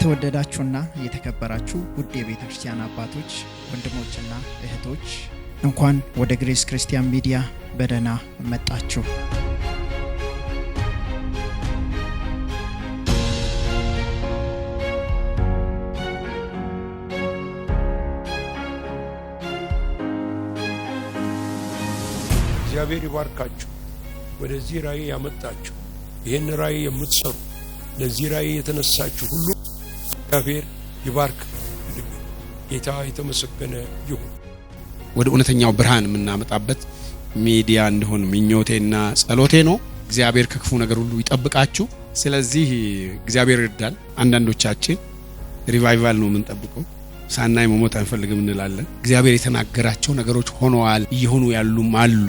የተወደዳችሁና የተከበራችሁ ውድ የቤተ ክርስቲያን አባቶች፣ ወንድሞችና እህቶች እንኳን ወደ ግሬስ ክርስቲያን ሚዲያ በደህና መጣችሁ። እግዚአብሔር ይባርካችሁ። ወደዚህ ራእይ ያመጣችሁ ይህን ራእይ የምትሰሩ ለዚህ ራእይ የተነሳችሁ ሁሉ እግዚአብሔር ይባርክ። ጌታ የተመሰገነ ይሁን። ወደ እውነተኛው ብርሃን የምናመጣበት ሚዲያ እንደሆን ምኞቴና ጸሎቴ ነው። እግዚአብሔር ከክፉ ነገር ሁሉ ይጠብቃችሁ። ስለዚህ እግዚአብሔር ይርዳል። አንዳንዶቻችን ሪቫይቫል ነው የምንጠብቀው፣ ሳናይ መሞት አንፈልግም እንላለን። እግዚአብሔር የተናገራቸው ነገሮች ሆነዋል፣ እየሆኑ ያሉም አሉ።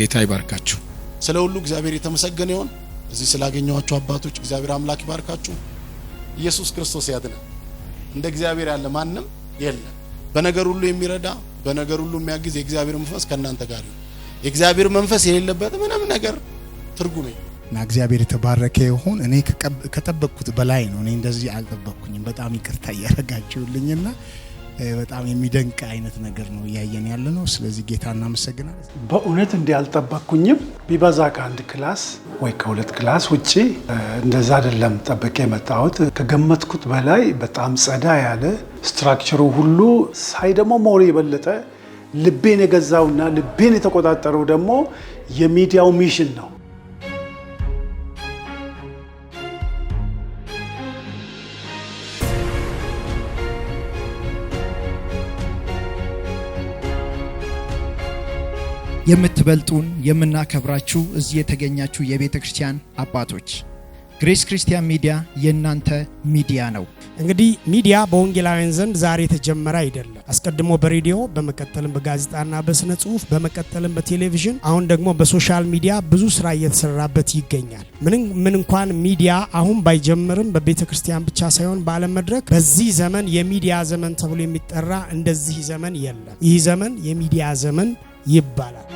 ጌታ ይባርካችሁ። ስለ ሁሉ እግዚአብሔር የተመሰገነ ይሆን እዚህ ስላገኘኋችሁ አባቶች እግዚአብሔር አምላክ ይባርካችሁ። ኢየሱስ ክርስቶስ ያድናል። እንደ እግዚአብሔር ያለ ማንም የለም። በነገር ሁሉ የሚረዳ በነገር ሁሉ የሚያግዝ የእግዚአብሔር መንፈስ ከእናንተ ጋር ነው። የእግዚአብሔር መንፈስ የሌለበት ምንም ነገር ትርጉም የለም። እና እግዚአብሔር የተባረከ ይሁን። እኔ ከጠበቅኩት በላይ ነው። እኔ እንደዚህ አልጠበቅኩኝም። በጣም ይቅርታ እያረጋችሁልኝና በጣም የሚደንቅ አይነት ነገር ነው እያየን ያለ ነው። ስለዚህ ጌታ እናመሰግናለን። በእውነት እንዲህ አልጠበቅኩኝም። ቢበዛ ከአንድ ክላስ ወይ ከሁለት ክላስ ውጭ እንደዛ አይደለም ጠብቄ የመጣሁት። ከገመትኩት በላይ በጣም ጸዳ ያለ ስትራክቸሩ ሁሉ ሳይ ደግሞ መሆኑ የበለጠ ልቤን የገዛውና ልቤን የተቆጣጠረው ደግሞ የሚዲያው ሚሽን ነው። የምትበልጡን የምናከብራችሁ እዚህ የተገኛችሁ የቤተ ክርስቲያን አባቶች ግሬስ ክርስቲያን ሚዲያ የእናንተ ሚዲያ ነው። እንግዲህ ሚዲያ በወንጌላውያን ዘንድ ዛሬ የተጀመረ አይደለም። አስቀድሞ በሬዲዮ በመቀጠልም በጋዜጣና በስነ ጽሁፍ በመቀጠልም በቴሌቪዥን አሁን ደግሞ በሶሻል ሚዲያ ብዙ ስራ እየተሰራበት ይገኛል። ምን እንኳን ሚዲያ አሁን ባይጀምርም በቤተ ክርስቲያን ብቻ ሳይሆን በዓለም መድረክ በዚህ ዘመን የሚዲያ ዘመን ተብሎ የሚጠራ እንደዚህ ዘመን የለም። ይህ ዘመን የሚዲያ ዘመን ይባላል።